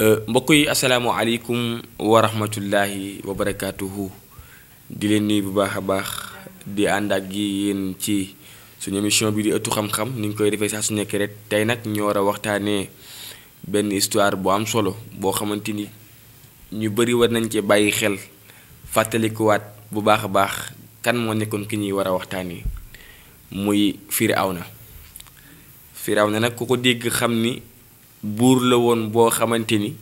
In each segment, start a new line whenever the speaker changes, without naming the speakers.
Euh, mbokk yi asalaamaaleykum wa rahmatullahi wa barakaatuhu di leen nuyu bu baax a baax di ànd ak gi yéen ci suñu émission bi di ëttu xam-xam ni koy defee saa su nekk rek tey nag ñu war a waxtaanee benn histoire bu am solo boo xamante ni ñu bari war nañ cee bàyyi xel fàttalikuwaat bu baax a baax kan moo nekkoon ki ñuy war a waxtaanee muy Firawna Firawna nag ku ko dégg xam ni. buur la woon boo xamante ni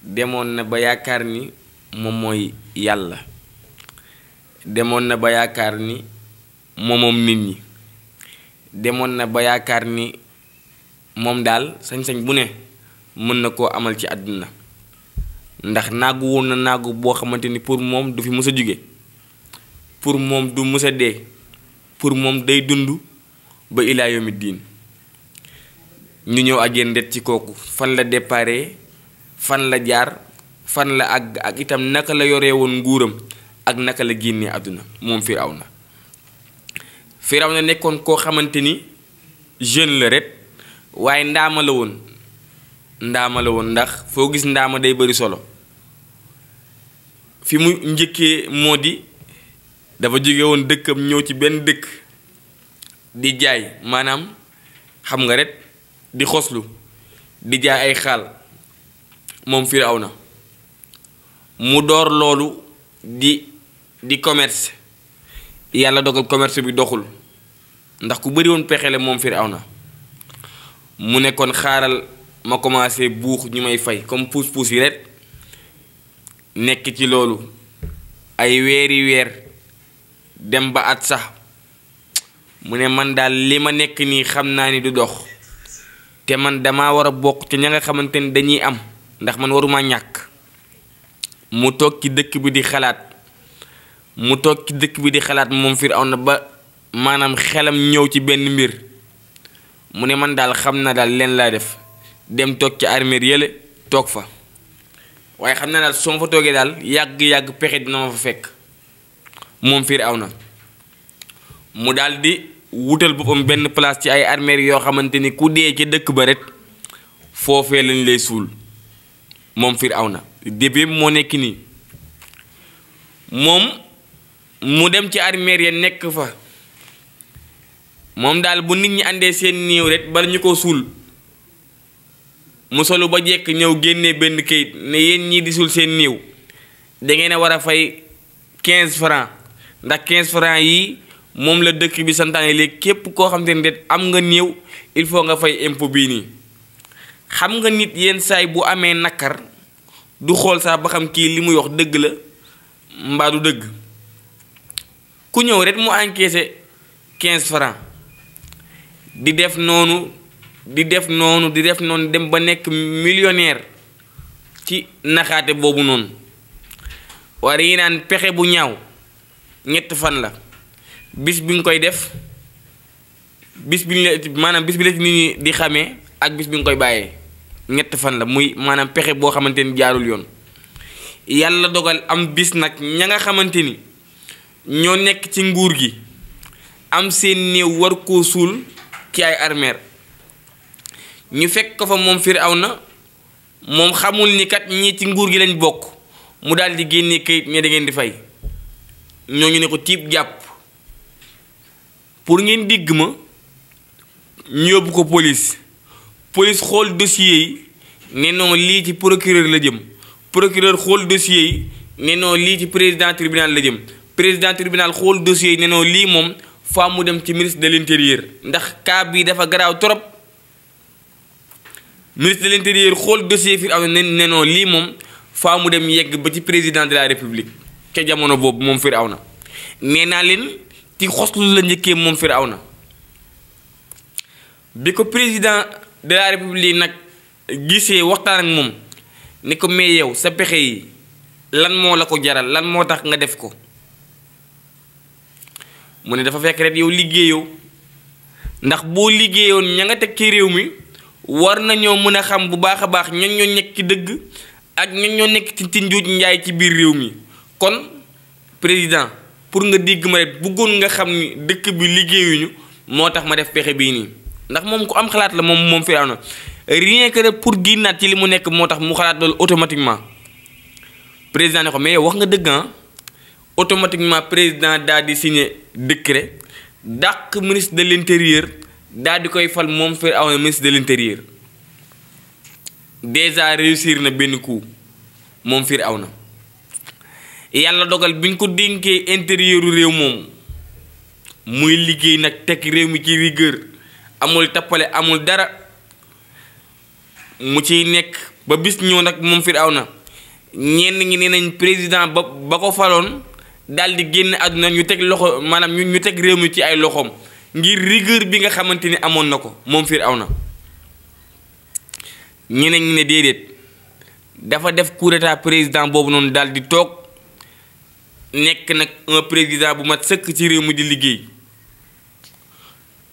demoon na ba yaakaar ni moom mooy yàlla demoon na ba yaakaar ni moomoom nit ñi demoon na ba yaakaar ni moom daal sañ-sañ bu ne mën na koo amal ci àdduna ndax naagu na naagu boo xamante ni pour moom du fi mës a jóge pour moom du mës a dee pour moom day dund ba ilaa yomi diin ñu ñëw ak yéen det ci kooku fan la depare fan la jaar fan la àgg ak itam naka la yore woon nguuram ak naka la génnee àdduna moom aw na Firawna na nekkoon koo xamante ni jeune la ret waaye ndaama la woon ndaama woon ndax foo gis ndaama day bari solo fi mu njëkkee moo di dafa jóge woon dëkkam ñëw ci benn dëkk di jaay maanaam xam nga ret di xoslu di jaay ay xaal moom aw na mu door loolu di di commerce yàlla dogal commerce bi doxul ndax ku bëri woon pexe la moom aw na mu ne kon xaaral ma commencé buux ñu may fay comme puus-puus yi rek nekk ci loolu ay weeri weer dem ba at sax mu ne man daal li ma nekk nii xam naa ni du dox te man damaa war a bokk ci ña nga xamante ni dañuy am ndax man waruma ñàkk mu toog ci dëkk bi di xalaat mu toog ci dëkk bi di xalaat moom fiir na ba maanaam xelam ñëw ci benn mbir mu ne man daal xam na daal leen laa def dem toog ci armeer yële toog fa waaye xam na daal soo ma fa toogee daal yàgg-yàgg pexe dina ma fa fekk moom Firawna mu daal wutal boppam benn place ci ay armeer yoo xamante ni ku dee ca dëkk ba rek foofee lañ lay suul moom aw na début moo nekk nii moom mu dem ci armeer ya nekk fa moom daal bu nit ñi àndee seen niiw rekk bala ñu ko suul mu solu ba jekk ñëw génnee benn kayit ne yéen ñii di suul seen néew dangeen a war a fay quinze francs ndax quinze francs yi moom la dëkk bi santaane léegi képp koo xam te ne am nga néew il faut nga fay impôt bii nii xam nga nit yenn saay bu amee nakar du xool sax ba xam kii li muy wax dëgg la mbaa du dëgg ku ñëw rek mu encaissé quinze francs di def noonu di def noonu di def noonu dem ba nekk millionnaire ci naxaate boobu noonu war yi naan pexe bu ñaaw ñett fan la bis bi nga koy def bis bi ñu la maanaam bis bi la ci nit ñi di xamee ak bis bi nga koy bàyyee ñett fan la muy maanaam pexe boo xamante ni jaarul yoon yàlla dogal am bis nag ña nga xamante ni ñoo nekk ci nguur gi am seen néew war koo suul ki ay armeer ñu fekk ko fa moom aw na moom xamul ni kat ñii ci nguur gi lañ bokk mu daal di génne kayit ne da ngeen di fay ñooñu ne ko tiib jàpp pour ngeen digg ma ñu yóbbu ko police police xool dossier yi ne non lii ci procureur la jëm procureur xool dossier yi ne lii ci président tribunal la jëm président tribunal xool dossier yi ne lii moom faa mu dem ci ministre de l'intérieur ndax cas bii dafa garaaw trop ministre de l'intérieur xool dossier fi aw ne ne lii moom faa mu dem yegg ba ci président de la république ca jamono boobu moom fir aw na nee leen ci xoslu la njëkkee moom fiir aw na bi ko président de la république nag gisee waxtaan ak moom ni ko may yow sa pexe yi lan moo la ko jaral lan moo tax nga def ko mu ne dafa fekk rek yow liggéeyoo ndax boo liggéeyoon ña nga teg ci réew mi war nañoo mën a xam bu baax a baax ñan ñoo nekk dëgg ak ñan ñoo nekk ci njuuj njaay ci biir réew mi kon président pour nga digg ma rek bëggoon nga xam ni dëkk bi liggéeyuñu moo tax ma def pexe bii nii ndax moom ku am xalaat la moom moom Firawna rien que pour génnaat ci li mu nekk moo tax mu xalaat loolu automatiquement président ko mais wax nga dëgg ah automatiquement président daal di signé décret dàq ministre de l'intérieur daal di koy fal moom Firawna ministre de l'intérieur déjà réussir na benn coup moom fiir aw na yàlla dogal bi ñu ko dénkee intérieur réew moomu muy liggéey nag teg réew mi ci rigueur amul tappale amul dara mu ciy nekk ba bis ñëw nag moom Firawna ñenn ñi nee nañ président ba ba daal di génn àdduna ñu teg loxo maanaam ñu ñu teg réew mi ci ay loxoom ngir rigueur bi nga xamante ni amoon na ko moom Firawna ñeneen ñi ne déedéet dafa def coup président boobu noonu daal di toog. nekk nag un président bu mat sëkk ci réew mi di liggéey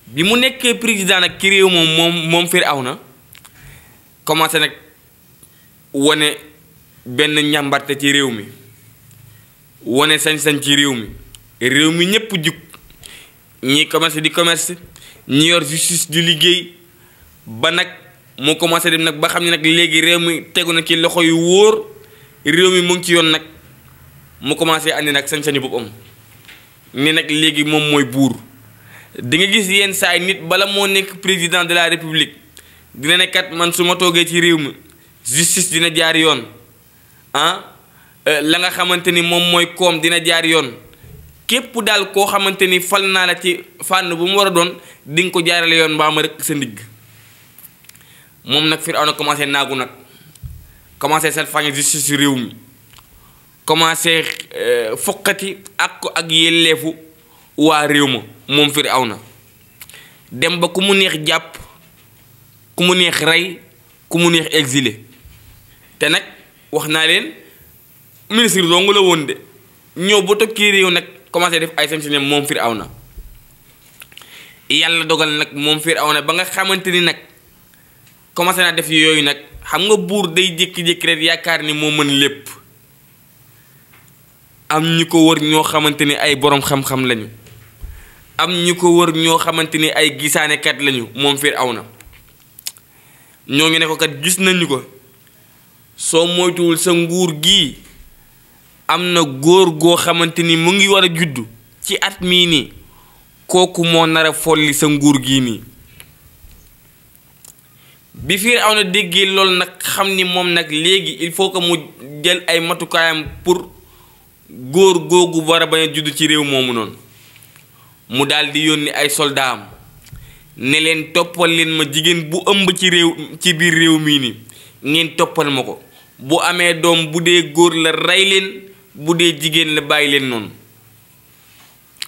bi mu nekkee président nag ci réew moom moom moom na commencé nag wane benn njàmbarte ci réew mi wane sañ-sañ ci réew mi réew mi ñépp jug ñii commerce di commerce ñi yor justice di liggéey ba nag mu commencé dem nag ba xam ne nag léegi réew mi tegu na ci loxo yu wóor réew mi mu ngi ci yoon nag mu commencé andi nag sañ-sañu boppam ni nag léegi moom mooy buur di nga gis yenn saay nit bala moo nekk président de la république dina ne kat man su ma toogee ci réew mi justice dina jaar yoon ah euh, la nga xamante ni moom mooy koom dina jaar yoon képp daal koo xamante ni fal naa la ci fànn bu mu war a doon di nga ko jaarale yoon mbaa ma rek sa ndigg moom nag na commencé naagu nag commencé salfaañe justice réew mi commencé euh, foqati ak ko ak yelleefu waa réew ma moom fiir aw na dem ba ku mu neex jàpp ku mu neex rey ku mu neex exilé te nag wax naa leen ministre dong la woon de ñëw ba tokki réew nag commencé def ay semsi ne moom Firawna yàlla dogal nag moom na ba nga xamante ni nag commencé naa def yooyu nag xam nga buur day jékki-jékki rek yaakaar ni moo mën lépp am ñu ko wër ñoo xamante ni ay boroom xam-xam lañu am ñu ko wër ñoo xamante ni ay gisaanekat lañu moom Firawna ñooñu ne ko kat gis nañu ko soo moytuwul sa nguur gi am na góor goo xamante ni mu ngi war a juddu ci at mii nii kooku moo nar a folli sa nguur gi nii bi Firawna déggee loolu nag xam ni moom nag léegi il faut que mu jël ay matukaayam pour góor googu war a bañ a judd ci réew moomu noonu mu daldi di yónni ay soldaam ne leen toppal leen ma jigéen bu ëmb ci réew ci biir réew mii nii ngeen toppal ma ko bu amee doom bu dee góor la rey leen bu dee jigéen la bàyyi leen noonu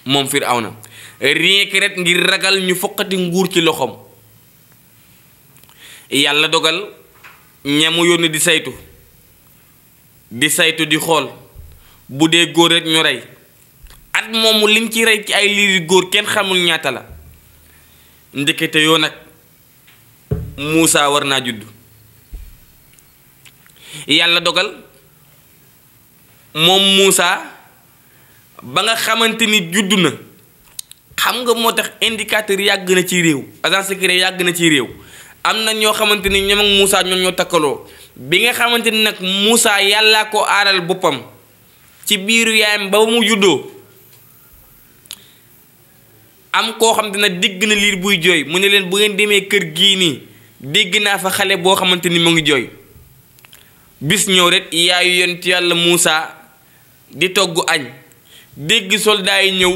moom aw na que rek ngir ragal ñu foqati nguur ci loxoom yàlla dogal ñamu yónni di saytu di saytu di xool bu dee góor rekk ñu rey at moom liñ ci rey ci ay liiri góor kenn xamul ñaata la ndekete yoo nag Muusa war naa juddu yàlla dogal moom Muusa ba nga xamante ni judd na xam nga moo tax indicateur yàgg na ci réew agent secret yàgg na ci réew am na ñoo xamante ni ñoom ak Muusa ñoom ñoo takkaloo bi nga xamante ni nag Muusa yàllaa ko aaral boppam ci biiru yaayam ba mu juddoo am koo xam dina digg na liir buy jooy mu ne leen bu ngeen demee kër gii nii dégg naa fa xale boo xamante ni mu ngi jooy bis ñëw rek yaayu yonent yàlla Muusa di togg añ dégg soldat yi ñëw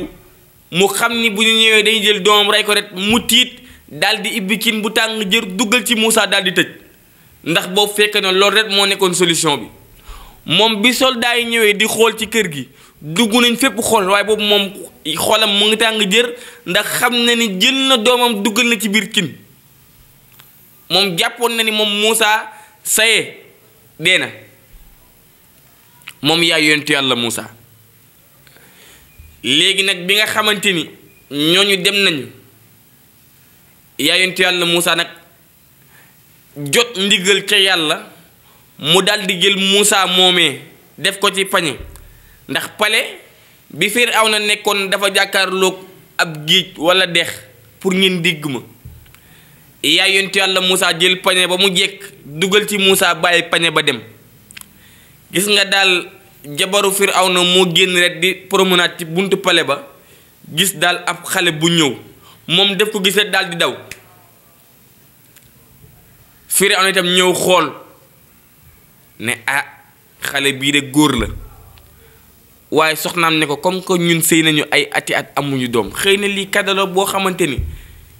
mu xam ni bu ñu ñëwee dañuy jël doomam rey ko rek mu tiit daal di ibbi cin bu tàng jër duggal ci Muusa daal di tëj ndax boobu fekkee na loolu rek moo nekkoon solution bi moom bi soldat yi ñëwee di xool ci kër gi dugg nañ fépp xool waaye boobu moom xoolam mu ngi tàng jër ndax xam na ni jën na doomam duggal na ci biir cin moom jàppoon na ni moom Moussa saye dee na moom yaay yonentu yàlla Moussa léegi nag bi nga xamante ni ñooñu dem nañu yaay yonentu yàlla nag jot ndigal ca yàlla mu dal di jël Moussa moomee def ko ci pañe ndax pale bi na nekkoon dafa jàkkaarloog ab géej walla dex pour ngeen digg ma yaa yontu yàlla Moussa jël pañe ba mu jekk dugal ci Moussa bàyyi pañe ba dem gis nga daal jabaru na moo génn rek di promenade ci buntu pale ba gis daal ab xale bu ñëw moom def ko gis rek daal di daw Firawna itam ñëw xool ne ah xale bii de góor la waaye soxnaam ne ko comme que ñun sëy nañu ay ati at amuñu doom xëy na lii kaddaloo boo xamante ni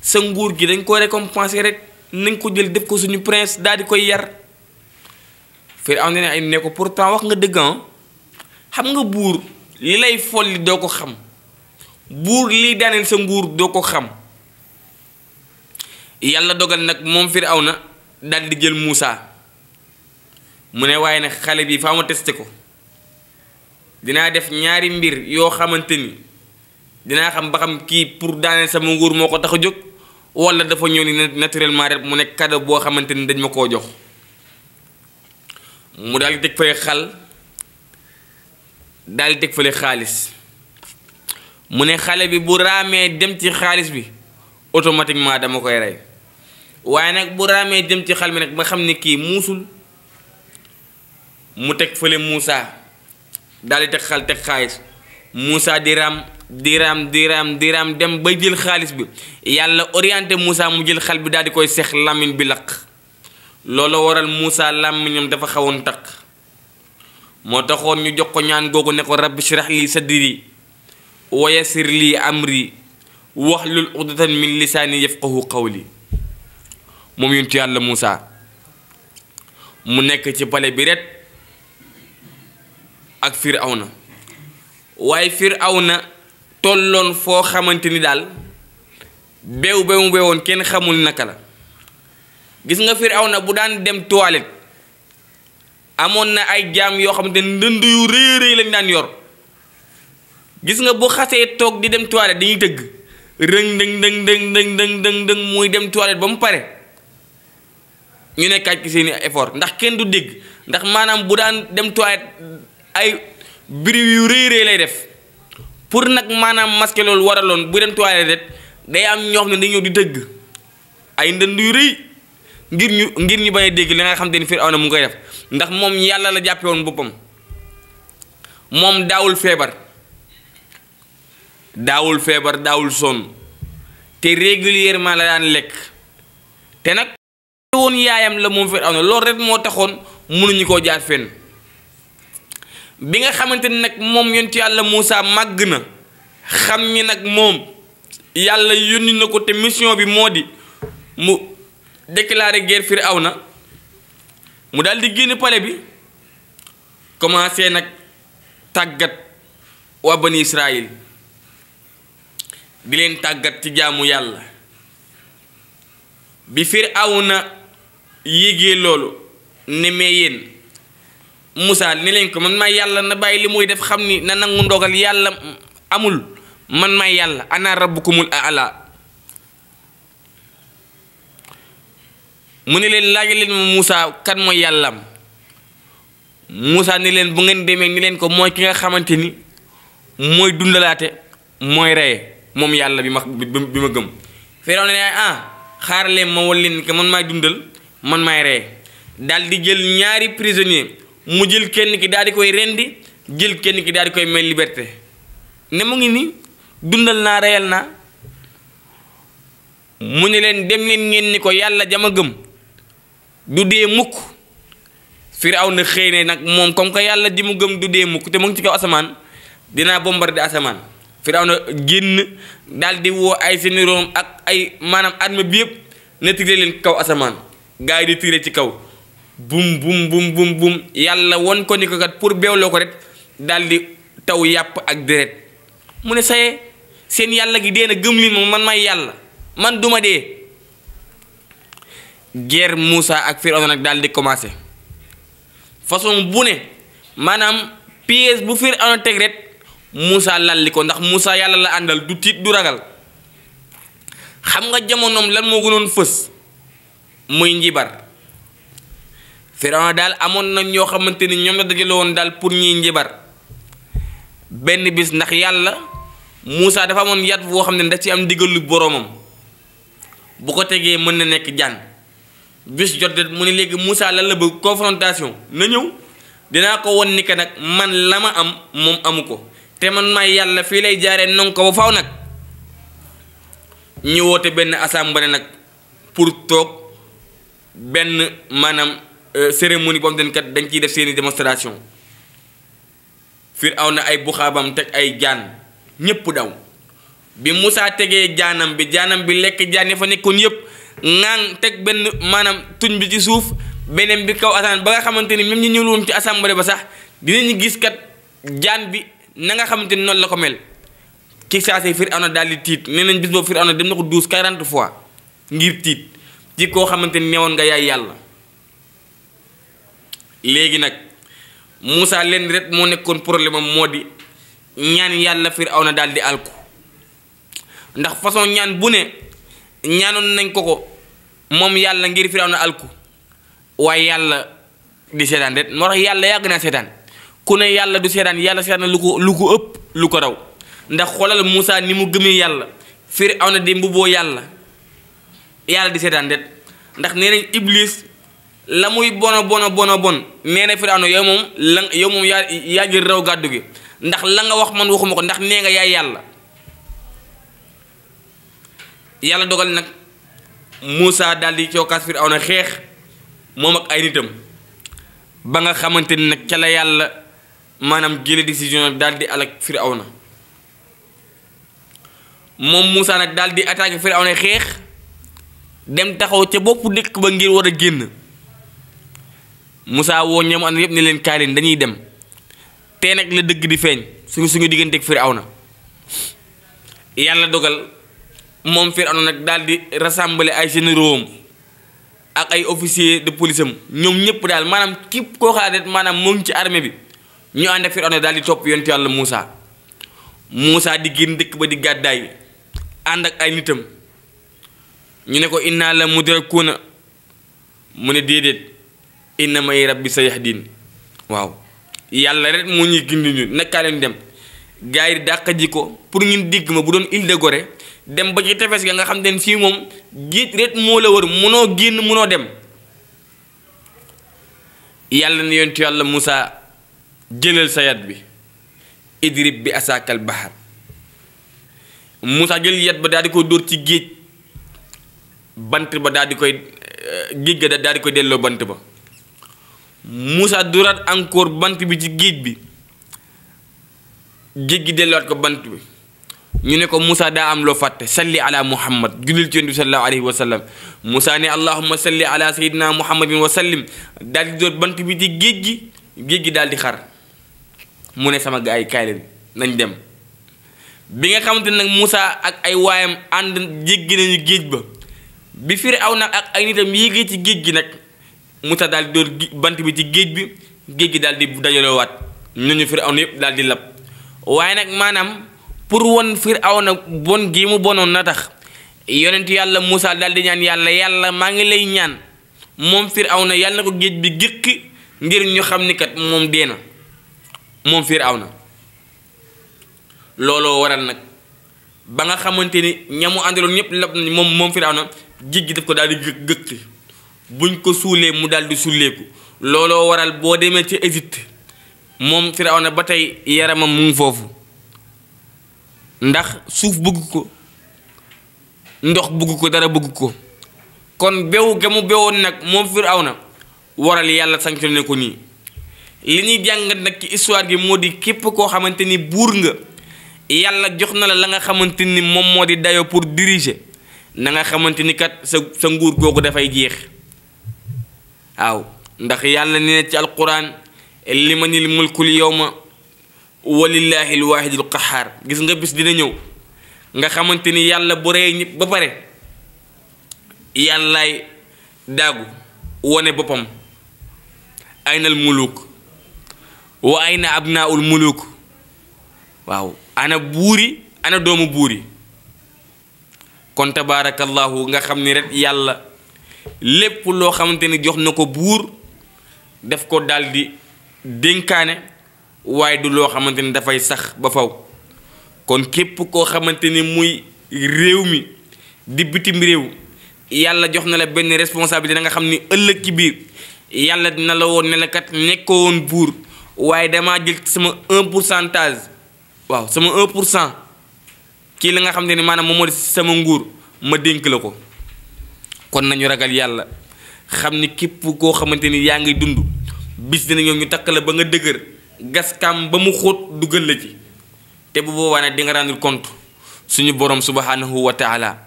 sa nguur gi dañ ko récompenser rek nañ ko jël def ko suñu prince daal di koy yar Firawna ne ay ne ko pourtant wax nga dëgg ah. xam nga buur li lay folli doo ko xam buur liy daaneel sa nguur doo ko xam yàlla dogal nag moom na dal di jël Muusa mu ne waaye nag xale bi faa ma testé ko dinaa def ñaari mbir yoo xamante ni dinaa xam ba xam kii pour daaneel sama nguur moo ko tax jóg wala dafa ñëw ni naturellement rek mu ne cadeau boo xamante ni dañ ma koo jox mu daal di teg fële xal daal di teg fële xaalis mu ne xale bi bu raamee dem ci xaalis bi automatiquement dama koy rey waaye nag bu raamee dem ci xal mi nag ba xam ne kii muusul mu teg fële muusa daal di teg xal teg xaalis Moussa di diraam di raam dem ba jël xaalis bi yàlla orienté Moussa mu jël xal bi daal di koy seex làmmiñ bi lakk loolu waral Moussa làmmiñam dafa xawoon takk moo taxoon ñu jox ko ñaan googu ne ko rabbi shrah li sadri wa yassir li amri wahlul uqdatan min lisaani xaw qawli moom yonent yàlla Moussa mu nekk ci pale bi ret ak fiir Firawna waaye fiir aw Firawna tolloon foo xamante ni daal bew ba mu woon kenn xamul naka la gis nga aw na bu daan dem toilet amoon na ay jaam yoo xam ni ndënd yu rëy rëy lañ daan yor gis nga bu xasee toog di dem toilette dañuy tëgg rëng dëng dëng dëng dëng dëng dëng muy dem toilette ba mu pare ñu nekkaat ci seeni effort ndax kenn du dégg ndax maanaam bu daan dem toilette ay bruit yu rëy rëy lay def pour nag maanaam masque loolu waraloon bu dem toilette day am ñoo xam ne dañoo di dëgg ay ndënd yu rëy ngir ñu ngir ñu bañ a dégg li nga xam te ni na mu ngi koy def ndax moom yàlla la jàppe woon boppam moom daawul feebar daawul feebar daawul sonn te régulièrement la daan lekk te nag woon yaayam la moom Firawna loolu rek moo taxoon mënuñu koo jaar fenn bi nga xamante ni nag moom ci yàlla Moussa màgg na xam ni nag moom yàlla yónni na ko te mission bi moo di mu déclarer guerre na mu daldi di génn pale bi commencé nag tàggat waa bani Israël di leen tàggat ci jaamu yàlla bi Firawna yéegee loolu ne mee yéen Moussa ni leen ko man maay yàlla na bàyyi li muy def xam ni na nangu ndogal yàlla amul man maay yàlla ana rabbukumul aala mu ne leen laaj leen ma Moussa kan mooy yàllam Moussa ni leen bu ngeen demee ni leen ko mooy ki nga xamante ni mooy dundalaate mooy reye moom yàlla bi ma bi ma gëm Firawna ne ah xaar leen ma wal leen man maay dundal man maay reye daal di jël ñaari prisonnier mu jël kenn ki daal di koy rendi jël kenn ki daal di koy may liberté ne mu ngi ni dundal naa reyal naa mu ne leen dem leen ngeen ni ko yàlla jama gëm du dee mukk aw na xëy ne nag moom comme que yàlla ji mu gëm du dee mukk te mu ngi ci kaw asamaan dinaa bombardé asamaan firaw na génn daal woo ay seeni room ak ay maanaam arme bi yëpp ne tiré leen kaw asamaan gars yi di tiré ci kaw bum bum bum bum yàlla won ko ni ko kat pour beewloo ko rek daal taw yàpp ak deret mu ne saye seen yàlla gi dee na gëm leen man may yàlla man duma dee guerre Moussa ak Firawna nag daal di commencé façon bu ne maanaam pièce bu Firawna teg rek Moussa li ko ndax Moussa yàlla la àndal du tiit du ragal xam nga jamonoom lan moo gënoon fës muy njibar Firawna daal amoon na ñoo xamante ni ñoom la dajale woon daal pour ñuy njibar benn bis ndax yàlla Moussa dafa amoon yat woo xam ne da ci am ndigalu boroomam bu ko tegee mën na nekk jàng bis jot mu ne léegi musaa lan la bëgg confrontation na ñëw dinaa ko won ni que nag man la ma am moom amu ko te man maay yàlla fii lay jaaree non ko ba faw nag ñu woote benn assemblée nag pour toog benn maanaam. Euh, cérémonie boo xam ne dañ ciy def seeni démonstration aw na ay buxaabam teg ay jaan ñépp daw bi musaa tegee jaanam bi jaanam bi lekk jaan ya fa nekkoon yépp ngaan teg benn maanaam tuñ bi ci suuf beneen bi kaw asaan ba nga xamante ni même ñi ñëwul woon ci assemblée ba sax dinañu gis kat jaan bi na nga xamante ni noonu la ko mel ci saase Firawna daal di tiit nee nañ bis boobu na dem na ko douze quarante fois ngir tiit ci koo xamante ni neewoon nga yaay yàlla léegi nag Moussa leen rek moo nekkoon problème am moo di ñaan yàlla fiir Firawna daal di alku ndax façon ñaan bu ne ñaanoon nañ ko ko moom yàlla ngir na alku waaye yàlla di seetaan rek moo tax yàlla yàgg naa seetaan ku ne yàlla du seetaan yàlla seetaan lu ko lu ko ëpp lu ko raw ndax xoolal Moussa ni mu gëmee yàlla fiir aw na di mbubboo yàlla yàlla di seetaan rek ndax nee nañ Iblis. la muy bono bon bono bon nee na Firawna yow moom la yow moom yaa yaa jël raw gàddu gi ndax la nga wax man waxuma ko ndax nee nga yaay yàlla yàlla dogal nag Moussa daal di cookaas na xeex moom ak ay nitam ba nga xamante ni nag ca la yàlla maanaam jële décision daal di alak Firawna moom Moussa nag daal di attaqué Firawna xeex dem taxaw ca bopp dëkk ba ngir war a génn Moussa woo ñoom ànd yëpp ne leen kaay dañuy dem tey nag la dëgg di feeñ suñu suñu digganteeg Firawna yàlla dogal moom Firawna nag daal di ay généraux am ak ay officiers de police am ñoom ñëpp daal maanaam képp koo xalaat maanaam moom ci armée bi ñu ànd ak Firawna daal di topp yonent yàlla musa musa di génn dëkk ba di gàddaay ànd ak ay nitam ñu ne ko inna la mudrakuuna mu ne déedéet. inna may rabbi sa yax diin waaw yàlla rek moo ñuy gindi ñu nekkaa leen dem gars yi dàq ji ko pour ngeen digg ma bu doon île gore dem ba ci tefes ga nga xam ne fii moom géej rek moo la wër munoo génn munoo dem yàlla na ci yàlla musaa jëlal sa yat bi idrib bi asaakal bahar musaa jël yat ba daal di koy dóor ci géej bant ba daal koy eh, géej ga daal koy delloo bant ba Moussa duraat encore bant bi ci géej bi géej gi delluwaat ko bant bi ñu ne ko Moussa daa am loo fàtte salli ala muhammad jullil ci yonent bi sallallahu alayhi wa sallam Moussa ne allahumma salli ala sayyidina muhammadin wa sallim daal di door bant bi ci géej gi géej gi daal di xar mu ne sama gars yi kaay leen nañ dem bi nga xamante nag Moussa ak ay waayam ànd jéggi nañu géej ba bi Firawna ak ay nitam yéegee ci géej gi nag. Moussa daal di dóor bant bi ci géej bi géej gi daal di dajaloowaat ñooñu Firawna yëpp daal di lab waaye nag maanaam pour won Firawna bon gii mu bonoon na tax yonent yàlla Moussa daal di ñaan yàlla yàlla maa ngi lay ñaan moom fiir aw na ko géej bi gékki ngir ñu xam ni kat moom dee na looloo waral nag ba nga xamante ni ñamu àndaloon ñëpp lab moom moom Firawna géej gi daf ko daal di gëkk buñ ko suulee mu daal di sulleeku looloo waral boo demee ci Égypte moom fir na ba tey yaramam mu foofu ndax suuf bëgg ko ndox bugg ko dara bëgg ko kon bew ga mu bewoon nag moom aw na waral yàlla sanctionné ko nii li ñuy jàngat nag ci histoire gi moo di képp koo xamante ni buur nga yàlla jox na la la nga xamante ni moom moo di dayo pour diriger na nga xamante ni kat sa sa nguur googu dafay jeex waaw ndax yàlla nee na ci alquran limanil mulkul yowma walillahi alwaahidul qahaar gis nga bis dina ñëw nga xamante ni yàlla bu rey ñëpp ba pare yàllaay daagu wone boppam ayna al muluk wa ayna abnaul muluk waaw ana buuri ana doomu buuri kon tabaarakallahu nga xam ni rek yàlla lépp loo xamante ni jox na ko buur def ko daal di dénkaane waaye du loo xamante ni dafay sax ba faw kon képp koo xamante ni muy réew mi di bitim réew yàlla jox na la benn responsabilité da nga xam ni ëllëg ci biir yàlla na la woon ne la kat nekkoon buur waaye damaa jël sama un pourcentage waaw sama un pour kii la nga xam ne ni maanaam moom moo di sama nguur ma dénk la ko kon nañu ragal yàlla xam ni képp koo xamante ni yaa ngi dund bis dina ñëw ñu takk la ba nga dëgër gaskaam ba mu xóot dugal la ci te bu boobaa nag di nga rendre compte suñu borom subhanahu wa taala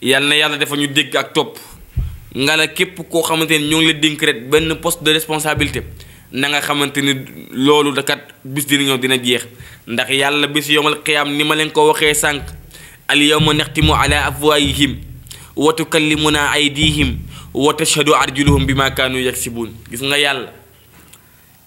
yàlla na yàlla dafa ñu dégg ak topp nga la képp koo xamante ni ñoo ngi la dénk benn poste de responsabilité na nga xamante ni loolu dakat bis dina ñëw dina jeex ndax yàlla bis yowmal qiyaam ni ma leen ko waxee sànq al yawma naxtimu ala afwaayihim ka ay wa tukallimuna aydihim wa tashhadu arjuluhum bima si buun gis nga yàlla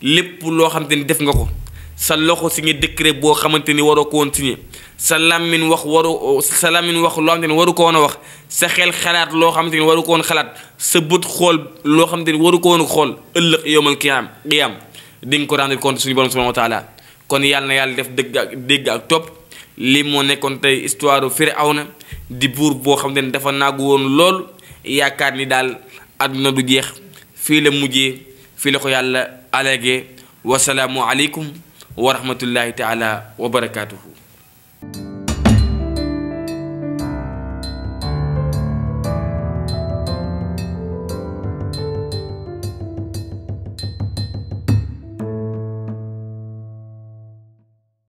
lépp loo xamante ni def nga ko sa loxo signé décret boo xamante ni waroo ko woon signé sa làmmiñ wax waru sa làmmiñ wax loo xamante ni waru ko woon a wax sa xel xalaat loo xamante ni waru ko woon xalaat sa bët xool loo xam te ni waru ko woon xool ëllëg yowmal qiyaam qiyaam di nga ko rendre compte suñu borom subhanahu wa taala kon yàlla yàlla def dëgg ak dégg ak topp lii moo nekkoon tey aw na di buur boo xam ne dafa naagu woon lool yaakaar ni daal àdduna du jeex fii la mujjee fii la ko yàlla alage wasalaamu aleykum wa rahmatullahi taala